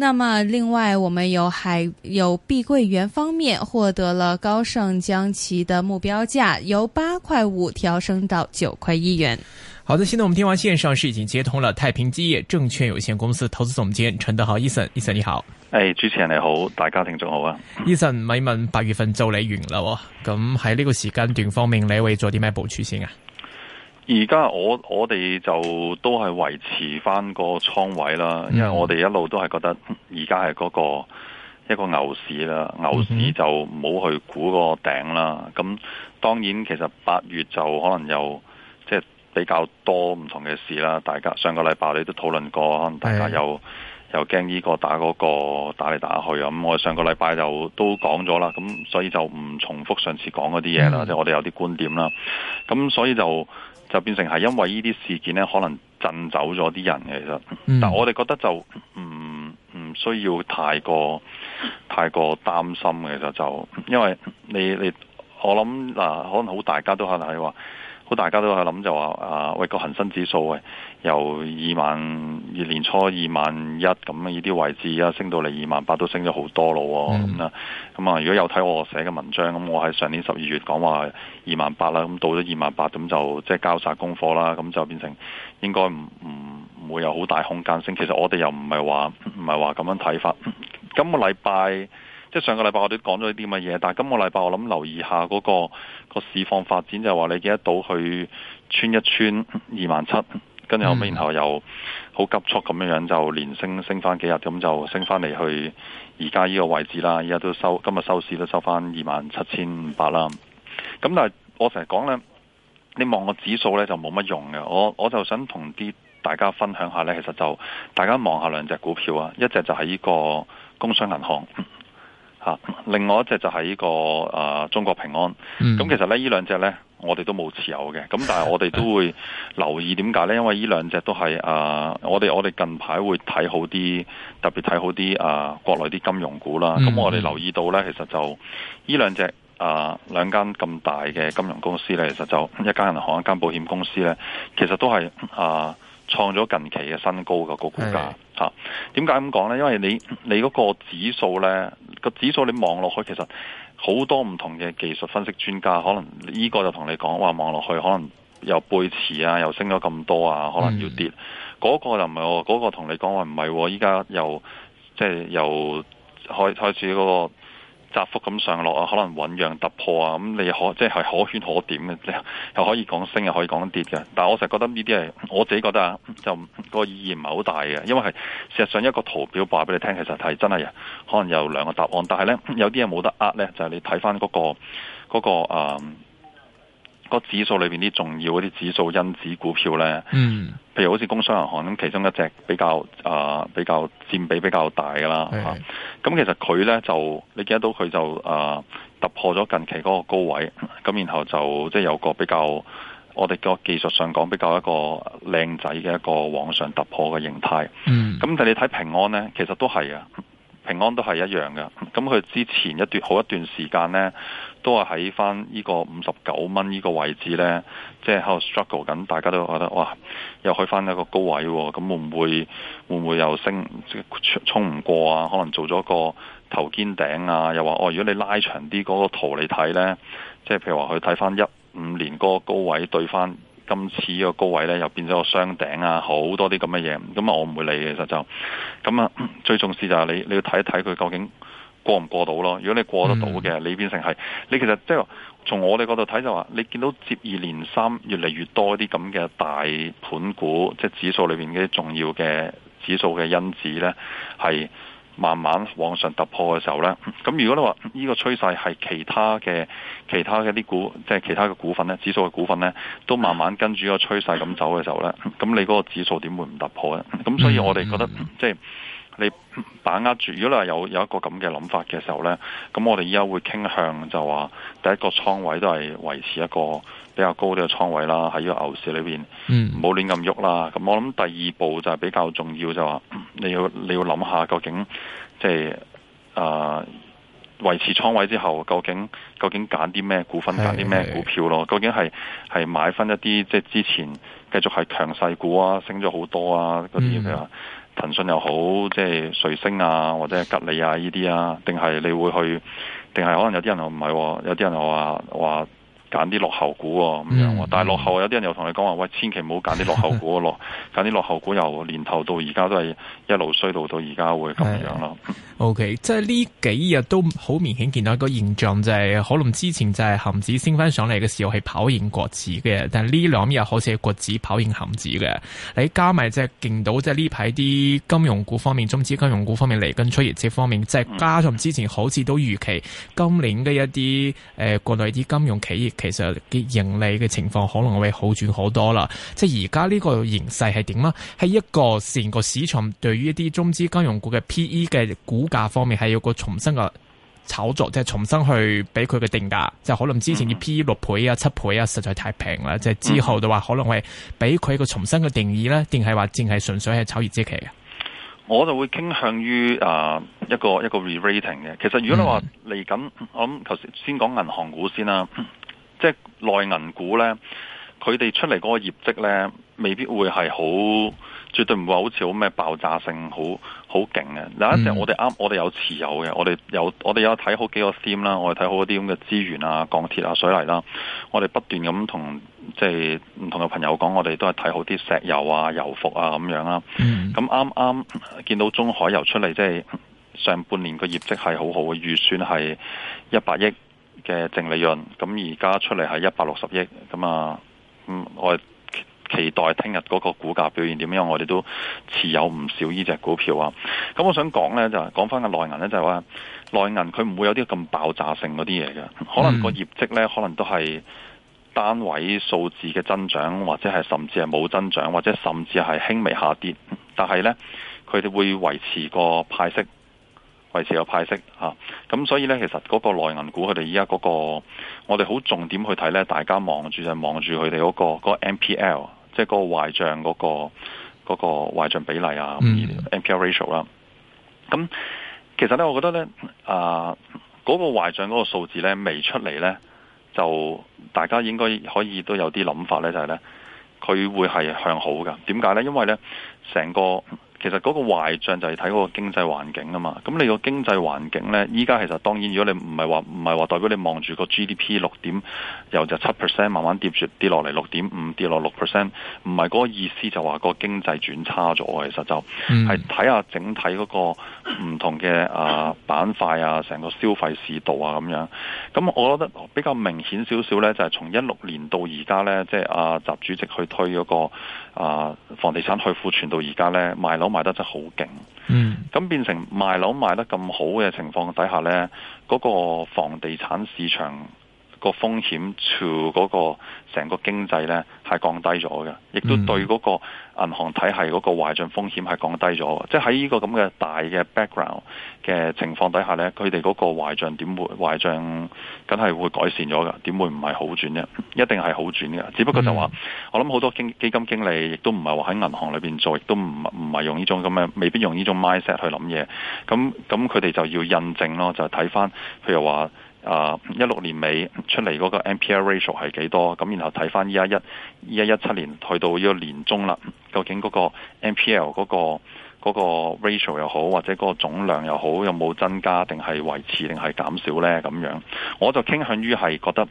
那麼，另外我們有海有碧桂園方面獲得了高盛將其的目標價由八塊五調升到九塊一元。好的，現在我們電話線上是已經接通了太平基業證券有限公司投資總監陳德豪，伊森，伊森你好。哎，主持人你好，大家聽眾好啊。伊森，咪問八月份就嚟完啦？咁喺呢個時間段方面，你會做啲咩部署先啊？而家我我哋就都係維持翻個倉位啦，因為我哋一路都係覺得而家係嗰個一個牛市啦，牛市就唔好去估個頂啦。咁當然，其實八月就可能有即係、就是、比較多唔同嘅事啦。大家上個禮拜你都討論過，可能大家有。又驚呢個打嗰個打嚟打去啊！咁我上個禮拜就都講咗啦，咁所以就唔重複上次講嗰啲嘢啦，即係、mm. 我哋有啲觀點啦。咁所以就就變成係因為呢啲事件咧，可能震走咗啲人嘅。其實，但我哋覺得就唔唔、嗯、需要太過太過擔心嘅。其實就因為你你，我諗嗱、啊，可能好大家都可能係話。大家都係諗就話啊，喂個恒生指數啊，由二萬二年初二萬一咁呢啲位置啊，升到嚟二萬八都升咗好多咯，咁啊、mm，咁、hmm. 啊，如果有睇我寫嘅文章，咁我喺上年十二月講話二萬八啦，咁到咗二萬八，咁就即、係、係交晒功課啦，咁就變成應該唔唔唔會有好大空間升。其實我哋又唔係話唔係話咁樣睇法。今個禮拜。即係上個禮拜我都講咗啲乜嘢，但係今個禮拜我諗留意下嗰、嗰個、嗰個市況發展，就話你記得到去穿一穿二萬七，跟住後尾然後又好急速咁樣樣，就連升升翻幾日，咁就升翻嚟去而家呢個位置啦。而家都收今日收市都收翻二萬七千五百啦。咁但係我成日講呢，你望個指數呢就冇乜用嘅。我我就想同啲大家分享下呢，其實就大家望下兩隻股票啊，一隻就係呢個工商銀行。嚇、啊！另外一隻就係呢、這個誒、啊、中國平安。咁、嗯、其實咧，呢兩隻咧，我哋都冇持有嘅。咁但係我哋都會留意點解咧？因為呢兩隻都係誒、啊，我哋我哋近排會睇好啲，特別睇好啲誒、啊、國內啲金融股啦。咁、嗯、我哋留意到咧，其實就呢兩隻誒、啊、兩間咁大嘅金融公司咧，其實就一間銀行、一間保險公司咧，其實都係誒、啊、創咗近期嘅新高個、那個股價。嗯嗯。嚇？點解咁講咧？因為你你個指數咧，個指數你望落去，其實好多唔同嘅技術分析專家，可能呢個就同你講話，望落去可能又背馳啊，又升咗咁多啊，可能要跌。個、嗯、個就唔係、喎個同你講話唔係，依家又即係又開開始、個。窄幅咁上落啊，可能醞釀突破啊，咁、嗯、你可即係可圈可點嘅，又可以講升，又可以講跌嘅。但係我成日覺得呢啲係我自己覺得啊，就、個意義唔係好大嘅，因為係事實上一個圖表話俾你聽，其實係真係可能有兩個答案。但係呢，有啲嘢冇得呃呢，就係、係、你睇翻嗰個啊。嗰個呃個指數裏邊啲重要嗰啲指數因子股票呢，嗯，譬如好似工商銀行咁，其中一隻比較啊、呃、比較佔比比較大噶啦咁、嗯啊、其實佢呢，就你見到佢就、呃、突破咗近期嗰個高位，咁然後就即係有個比較，我哋個技術上講比較一個靚仔嘅一個往上突破嘅形態，咁但係你睇平安呢，其實都係啊，平安都係一樣噶，咁佢之前一段好一段時間呢。都係喺翻呢個五十九蚊呢個位置呢，即係喺度 struggle 緊，大家都覺得哇，又去翻一個高位喎，咁啊會唔會會唔會又升，即係衝唔過啊？可能做咗個頭肩頂啊，又話哦，如果你拉長啲嗰個圖嚟睇呢，即係譬如話去睇翻一五年嗰個高位對翻今次嘅高位呢，又變咗個雙頂啊，好多啲咁嘅嘢，咁啊我唔會理嘅，其實就，咁啊最重視就係你你要睇一睇佢究竟。過唔過到咯？如果你過得到嘅，你變成係你其實即係從我哋角度睇就話，你見到接二連三越嚟越多啲咁嘅大盤股，即係指數裏邊嘅重要嘅指數嘅因子呢，係慢慢往上突破嘅時候呢。咁如果你話呢個趨勢係其他嘅其他嘅啲股，即係其他嘅股份呢，指數嘅股份呢，都慢慢跟住個趨勢咁走嘅時候呢。咁你嗰個指數點會唔突破呢？咁所以我哋覺得即係。 嗯嗯嗯嗯你把握住，如果你係有有一個咁嘅諗法嘅時候呢，咁我哋依家會傾向就話，第一個倉位都係維持一個比較高啲嘅倉位啦，喺呢個牛市裏邊，唔好亂咁喐啦。咁我諗第二步就係比較重要，就是，就話你要你要諗下究竟即係啊維持倉位之後，究竟究竟揀啲咩股份，揀啲咩股票咯？是究竟係係買翻一啲即係之前繼續係強勢股啊，升咗好多啊嗰啲咩啊？騰訊又好，即係瑞星啊，或者吉利啊呢啲啊，定係你會去？定係可能有啲人又唔係喎，有啲人又話話，揀啲落後股咁樣，嗯、但係落後有啲人又同你講話，喂，千祈唔好揀啲落後股咯，揀啲 落後股由年頭到而家都係一路衰到到而家會咁樣咯。 o、okay, K，即係呢幾日都好明顯見到一個現象，就是，就係可能之前就係恆指升翻上嚟嘅時候係跑贏國指嘅，但係呢兩日好似係國指跑贏恆指嘅。你加埋即係見到即係呢排啲金融股方面，中資金融股方面嚟緊出業績方面，即係加上之前好似都預期今年嘅一啲誒國內啲金融企業。其實嘅盈利嘅情況可能會好轉好多啦。即係而家呢個形勢係點咧？係一個成個市場對於一啲中資金融股嘅 P E 嘅股價方面係有個重新嘅炒作，即係重新去俾佢嘅定價。就可能之前嘅 P E 六倍啊，七倍啊，實在太平啦。即係之後就話可能係俾佢一個重新嘅定義咧，定係話淨係純粹係炒熱週期嘅。我就會傾向於啊一個一個，個 re-rating 嘅。其實如果你話嚟緊，我諗頭先先講銀行股先啦。即係內銀股咧，佢哋出嚟嗰個業績咧，未必會係好，絕對唔會好似好咩爆炸性，好好勁嘅。嗱，有一時、嗯、我哋啱，我哋有持有嘅，我哋有，我哋有睇好幾個添啦，我哋睇好啲咁嘅資源啊、鋼鐵啊、水泥啦、啊，我哋不斷咁、就是、同即係唔同嘅朋友講，我哋都係睇好啲石油啊、油服啊咁樣啦。咁啱啱見到中海油出嚟，即、就、係、是、上半年個業績係好好嘅，預算係一百億。嘅淨利潤，咁而家出嚟係一百六十億，咁啊，咁我期待聽日嗰個股價表現點樣。我哋都持有唔少依隻股票啊！咁我想講咧，就講翻個內銀咧，就係話內銀佢唔會有啲咁爆炸性嗰啲嘢嘅，可能個業績咧，可能都係單位數字嘅增長，或者係甚至係冇增長，或者甚至係輕微下跌，但係咧，佢哋會維持個派息。維持有派息嚇，咁、啊嗯、所以咧，其實嗰個內銀股佢哋依家嗰個，我哋好重點去睇咧，大家望住就望住佢哋嗰個嗰 NPL，即係個壞賬嗰個嗰、嗰個壞賬比例啊，NPL、嗯、ratio 啦、啊。咁、嗯、其實咧，我覺得咧，啊嗰、嗰個壞賬嗰個數字咧未出嚟咧，就大家應該可以都有啲諗法咧，就係、係、咧，佢會係向好噶。點解咧？因為咧，成個其實嗰個壞賬就係睇嗰個經濟環境啊嘛，咁你個經濟環境呢，依家其實當然，如果你唔係話唔係話代表你望住個 GDP 六點，由就七 percent 慢慢跌住跌落嚟，六點五跌落六 percent，唔係嗰個意思就話個經濟轉差咗。其實就係睇下整體嗰個唔同嘅啊板塊啊，成、啊、個消費市道啊咁樣。咁我覺得比較明顯少少呢，就係從一六年到而家呢，即係阿習主席去推嗰、那個啊房地產去庫存到而家呢。賣樓。賣得真係好勁，嗯，咁變成賣樓賣得咁好嘅情況底下咧，嗰個房地產市場。個風險除嗰個成個經濟呢，係降低咗嘅，亦都對嗰個銀行體系嗰個壞帳風險係降低咗嘅。即係喺呢個咁嘅大嘅 background 嘅情況底下呢，佢哋嗰個壞帳點會壞帳，梗係會改善咗嘅。點會唔係好轉啫？一定係好轉嘅。只不過就話，嗯、我諗好多經基金經理亦都唔係話喺銀行裏邊做，亦都唔唔係用呢種咁嘅，未必用呢種 mindset 去諗嘢。咁咁佢哋就要印證咯，就睇翻，譬如話。啊！一六、uh, 年尾出嚟嗰個 NPL ratio 係幾多？咁然後睇翻依家一依家一七年去到呢個年中啦，究竟嗰個 NPL 嗰個、嗰個、嗰個、ratio 又好，或者嗰個總量又好，有冇增加定係維持定係減少呢？咁樣我就傾向於係覺得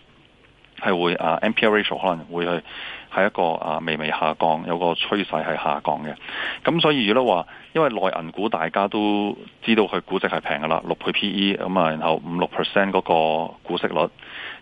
係會啊、uh, NPL ratio 可能會去。係一個啊，微微下降，有個趨勢係下降嘅。咁所以如果話，因為內銀股大家都知道佢估值係平噶啦，六倍 PE 咁啊，然後五六 percent 嗰個股息率。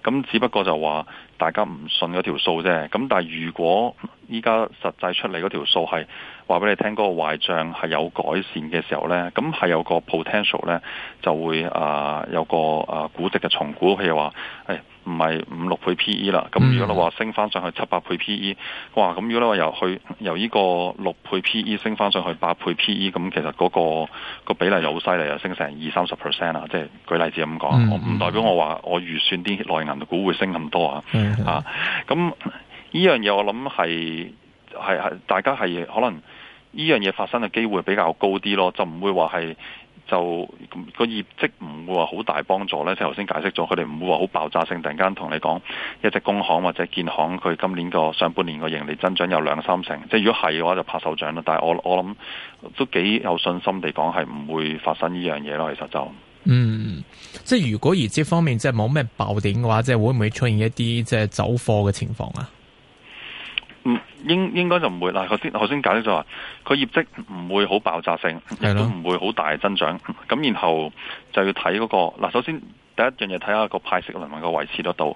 咁只不過就話大家唔信嗰條數啫。咁但係如果依家實際出嚟嗰條數係話俾你聽嗰個壞賬係有改善嘅時候呢，咁係有個 potential 呢，就會啊有個啊估值嘅重估，譬如話，誒、哎。唔係五六倍 PE 啦，咁如果你話升翻上去七八倍 PE，哇！咁如果你話由去由呢個六倍 PE 升翻上去八倍 PE，咁其實嗰、嗰個、嗰個比例就又好犀利啊，升成二三十 percent 啊！即係舉例子咁講，我唔、嗯、代表我話我預算啲內銀股會升咁多、嗯嗯、啊！啊，咁呢樣嘢我諗係係係大家係可能呢樣嘢發生嘅機會比較高啲咯，就唔會話係。就個業績唔會話好大幫助呢。即係頭先解釋咗，佢哋唔會話好爆炸性，突然間同你講一隻工行或者建行，佢今年個上半年個盈利增長有兩三成，即係如果係嘅話，就拍手掌咯。但係我我諗都幾有信心地講，係唔會發生呢樣嘢咯。其實就是、嗯，即係如果業績方面即係冇咩爆點嘅話，即係會唔會出現一啲即係走貨嘅情況啊？嗯，應應該就唔會啦。頭先頭先解釋就話，佢業績唔會好爆炸性，亦都唔會好大增長。咁然後就要睇嗰、嗰個，嗱，首先第一樣嘢睇下個派息能唔能夠維持得到。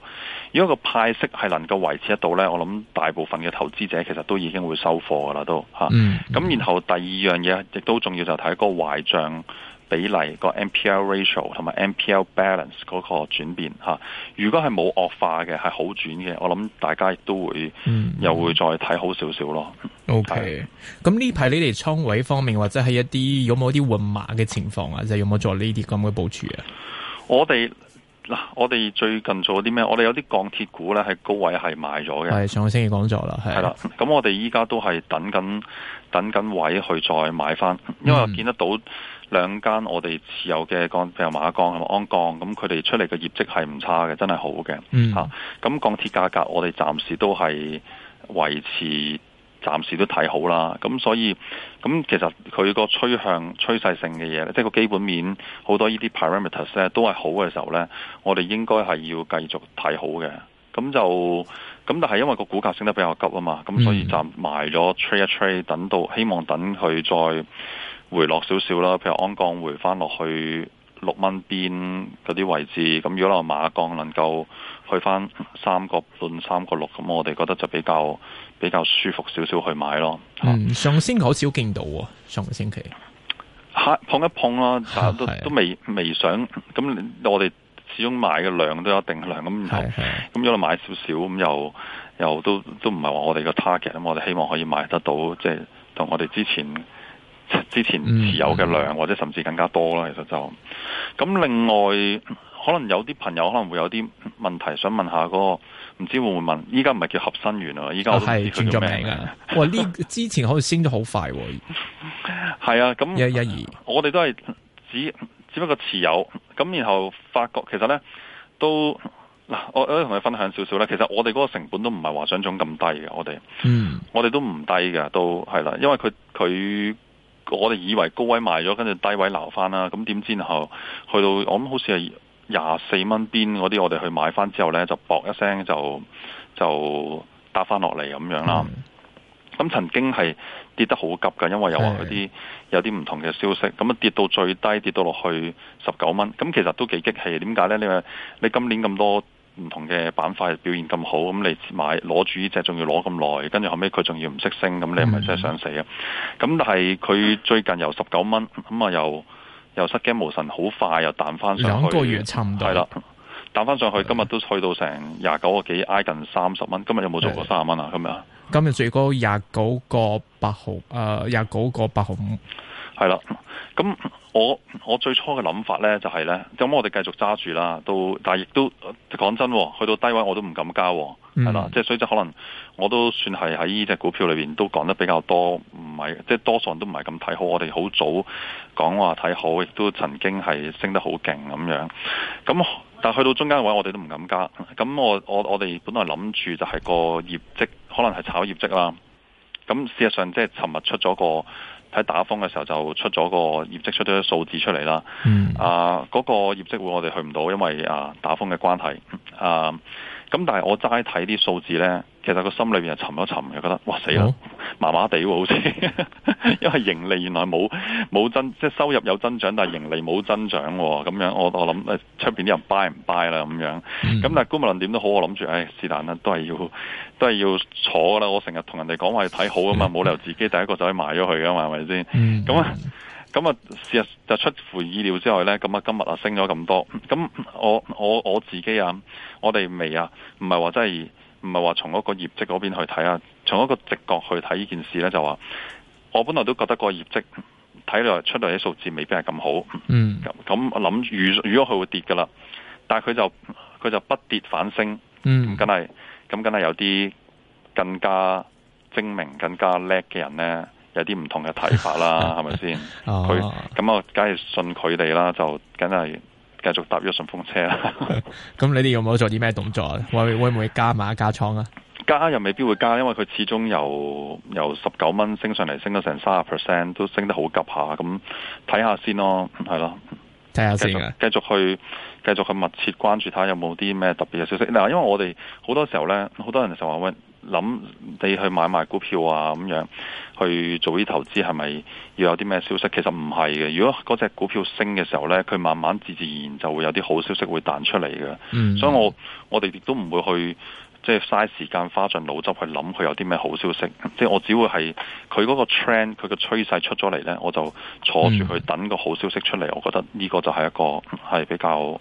如果個派息係能夠維持得到呢，我諗大部分嘅投資者其實都已經會收貨噶啦，都、啊、吓。咁、嗯嗯、然後第二樣嘢亦都重要就睇嗰個壞賬。比例個 NPL ratio 同埋 NPL balance 嗰個轉變、啊、如果係冇惡化嘅係好轉嘅，我諗大家亦都會、嗯、又會再睇好少少咯。OK，咁呢排你哋倉位方面或者係一啲有冇啲換馬嘅情況啊？即、就、係、是、有冇做呢啲咁嘅部署啊？我哋嗱，我哋最近做啲咩？我哋有啲鋼鐵股咧係高位係買咗嘅，係上個星期講咗啦，係啦。咁我哋依家都係等緊等緊位去再買翻，因為我見得到。兩間我哋持有嘅鋼，譬如馬鋼同埋鞍鋼，咁佢哋出嚟嘅業績係唔差嘅，真係好嘅嚇。咁、嗯啊、鋼鐵價格我哋暫時都係維持，暫時都睇好啦。咁所以咁其實佢個趨向趨勢性嘅嘢，即係個基本面好多呢啲 parameters 咧，都係好嘅時候咧，我哋應該係要繼續睇好嘅。咁就咁，嗯、但係因為個股價升得比較急啊嘛，咁所以就埋咗吹一吹，等到希望等佢再回落少少啦。譬如鞍鋼回翻落去六蚊邊嗰啲位置，咁、嗯、如果落馬鋼能夠去翻三個半、三個六，咁我哋覺得就比較比較舒服少少去買咯。嗯，上星期好少見到、啊、上個星期，吓碰一碰啦，但係都都未未想咁，我哋。始終買嘅量都有一定量咁，然後咁是一路買少少咁，又又都都唔係話我哋個 target，咁我哋希望可以買得到，即係同我哋之前之前持有嘅量或者甚至更加多啦。其實就咁，另外可能有啲朋友可能會有啲問題想問下嗰、那個，唔知會唔會問？依家唔係叫合生源、哦、啊，依家係轉咗名嘅。哇，呢 之前可以升得好快，係啊。咁一一二，我哋都係指。12. 只不過持有，咁然後發覺其實呢，都嗱，我我同你分享少少咧，其實我哋嗰個成本都唔係話想像中咁低嘅，我哋，嗯，mm. 我哋都唔低嘅，都係啦，因為佢佢我哋以為高位賣咗，跟住低位撈翻啦，咁點知之後去到我諗好似係廿四蚊邊嗰啲，我哋去買翻之後呢，就搏一聲就就搭翻落嚟咁樣啦。Mm. 咁曾經係跌得好急嘅，因為又話啲有啲唔同嘅消息，咁啊的跌到最低跌到落去十九蚊，咁其實都幾激氣。點解呢？你話你今年咁多唔同嘅板塊表現咁好，咁你買攞住呢隻，仲要攞咁耐，跟住後尾佢仲要唔識升，咁你係咪真係想死啊？咁、嗯、但係佢最近由十九蚊，咁啊又又失驚無神，好快又彈翻上去。兩個月差唔多。係啦，彈翻上去，今日都去到成廿九個幾，挨近三十蚊。今日有冇做過三十蚊啊？今日的。今日最高廿九個八毫，誒，廿九個八毫五。係啦，咁我我最初嘅諗法咧就係、是、咧，咁我哋繼續揸住啦，都但係亦都講真、哦，去到低位我都唔敢加、哦，係啦，嗯、即係所以就可能我都算係喺呢隻股票裏邊都講得比較多，唔係即係多數人都唔係咁睇好。我哋好早講話睇好，亦都曾經係升得好勁咁樣。咁、嗯、但係去到中間位，我哋都唔敢加。咁、嗯、我我我哋本來諗住就係個業績，可能係炒業績啦。咁事實上，即係尋日出咗個。喺打風嘅時候就出咗個業績，出咗數字出嚟啦。嗯、mm. 啊那個，啊，嗰個業績會我哋去唔到，因為啊打風嘅關係啊。咁但係我齋睇啲數字呢，其實個心裏邊又沉一沉，又覺得哇死啦，麻麻地喎好似，因為盈利原來冇冇增，即係收入有增長，但係盈利冇增長，咁樣我我諗出邊啲人 buy 唔 buy 啦咁樣？咁、嗯、但係姑勿論點都好，我諗住誒是但啦，都係要都係要坐噶啦。我成日同人哋講話要睇好啊嘛，冇、嗯、理由自己第一個就可以賣咗佢噶嘛，係咪先？咁啊、嗯。嗯嗯咁啊，事實就出乎意料之外咧。咁啊，今日啊，升咗咁多。咁、嗯、我我我自己啊，我哋未啊，唔係話真係，唔係話從嗰個業績嗰邊去睇啊，從一個直覺去睇呢件事咧，就話我本來都覺得個業績睇落出嚟啲數字未必係咁好。嗯嗯。嗯。咁我諗如如果佢會跌㗎啦，但係佢就佢就不跌反升。嗯。梗、嗯、係，咁梗係有啲更加精明、更加叻嘅人咧。有啲唔同嘅睇法啦，係咪先？佢咁、哦、我梗係信佢哋啦，就梗係繼續搭咗順風車啦。咁 你哋有冇做啲咩動作？ 會會唔會加碼加倉啊？加又未必會加，因為佢始終由由十九蚊升上嚟，升到成三十 percent，都升得好急下。咁睇下先咯，係咯，睇下先繼續去繼續去密切關注睇有冇啲咩特別嘅消息。嗱，因為我哋好多時候咧，好多人就話喂。諗你去買賣股票啊，咁樣去做啲投資，係咪要有啲咩消息？其實唔係嘅。如果嗰隻股票升嘅時候呢，佢慢慢自自然然就會有啲好消息會彈出嚟嘅。嗯、所以我我哋亦都唔會去即係嘥時間花盡腦汁去諗佢有啲咩好消息。即係我只會係佢嗰個 trend，佢個趨勢出咗嚟呢，我就坐住去等個好消息出嚟。嗯、我覺得呢個就係一個係比較。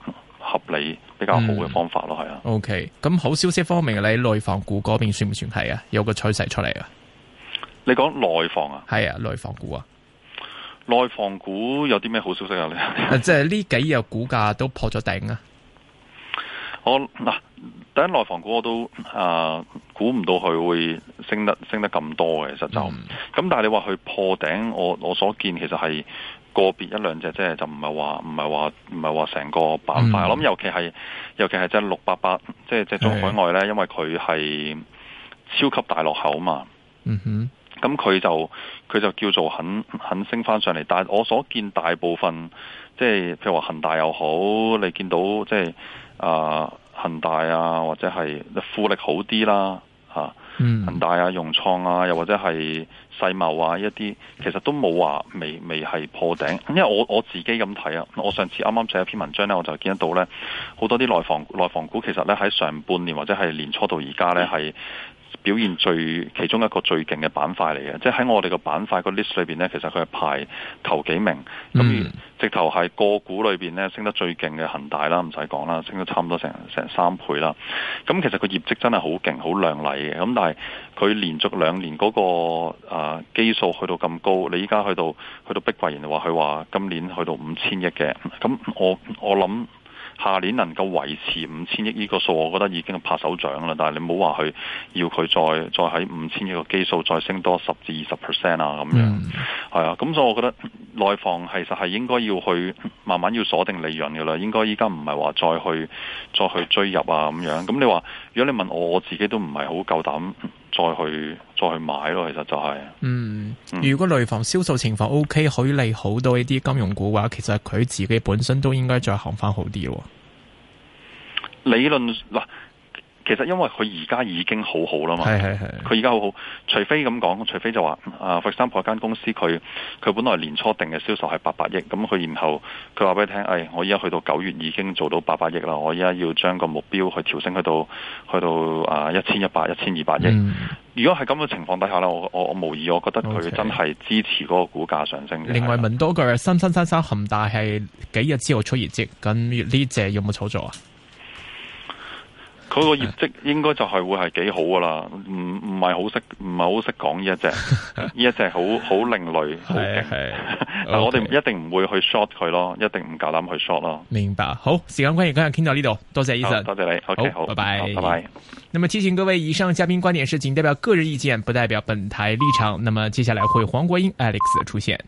合理比較好嘅方法咯，係啊。OK，咁好消息方面你內房股嗰邊算唔算係啊？有個趨勢出嚟啊？你講內房啊？係啊，內房股啊。內房股有啲咩好消息啊？你 、啊、即係呢幾日股價都破咗頂啊？我嗱、啊，第一內房股我都啊，估唔到佢會升得升得咁多嘅，其實就咁、是。嗯、但係你話佢破頂，我我所見其實係。個別一兩隻，即係就唔係話唔係話唔係話成個板塊。嗯、我諗尤其係，尤其係即係六八八，即係即係中海外咧，的因為佢係超級大落口嘛。嗯哼，咁佢就佢就叫做狠狠升翻上嚟。但係我所見大部分，即係譬如話恒大又好，你見到即係啊恒大啊，或者係富力好啲啦。嗯、恒大啊、融創啊，又或者係世茂啊，一啲其實都冇話未未係破頂，因為我我自己咁睇啊，我上次啱啱寫一篇文章咧，我就見得到咧，好多啲內房內房股其實咧喺上半年或者係年初到而家咧係。嗯表現最其中一個最勁嘅板塊嚟嘅，即係喺我哋個板塊個 list 裏邊呢，其實佢係排頭幾名，咁、嗯、而直頭係個股裏邊呢，升得最勁嘅恒大啦，唔使講啦，升咗差唔多成成三倍啦。咁其實佢業績真係好勁、好靚麗嘅。咁但係佢連續兩年嗰、嗰個、呃、基數去到咁高，你依家去到去到碧桂園話佢話今年去到五千億嘅，咁我我諗。下年能夠維持五千億呢個數，我覺得已經係拍手掌啦。但係你唔好話佢要佢再再喺五千億個基數再升多十至二十 percent 啊咁樣，係啊、mm.。咁所以，我覺得內房其實係應該要去慢慢要鎖定利潤嘅啦。應該依家唔係話再去再去追入啊咁樣。咁你話，如果你問我，我自己都唔係好夠膽。再去再去買咯，其實就係、是、嗯，如果內房銷售情況 OK，可以利好多一啲金融股嘅話，其實佢自己本身都應該再行返好啲咯、哦。理論嗱。其實因為佢而家已經好好啦嘛，係係係，佢而家好好，除非咁講，除非就話啊佛山破間公司佢佢本來年初定嘅銷售係八百億，咁佢然後佢話俾你聽，誒、哎，我依家去到九月已經做到八百億啦，我依家要將個目標去調升去到去到啊一千一百、一千二百億。嗯、如果係咁嘅情況底下啦，我我我無疑，我覺得佢真係支持嗰個股價上升。另外問多句，新新新生，恒大係幾日之後出業績？咁呢隻有冇炒作啊？嗰個業績應該就係會係幾好噶啦，唔唔係好識唔係好識講呢一隻，呢 一隻好好另類，好勁。但我哋一定唔會去 short 佢咯，一定唔夠膽去 short 咯。明白，好時間關係今日傾到呢度，多謝醫生，多謝你。好， 好，拜拜，拜拜。那麼提醒各位，以上嘉賓觀點是僅代表個人意見，不代表本台立場。那麼接下來會黃國英 Alex 出現。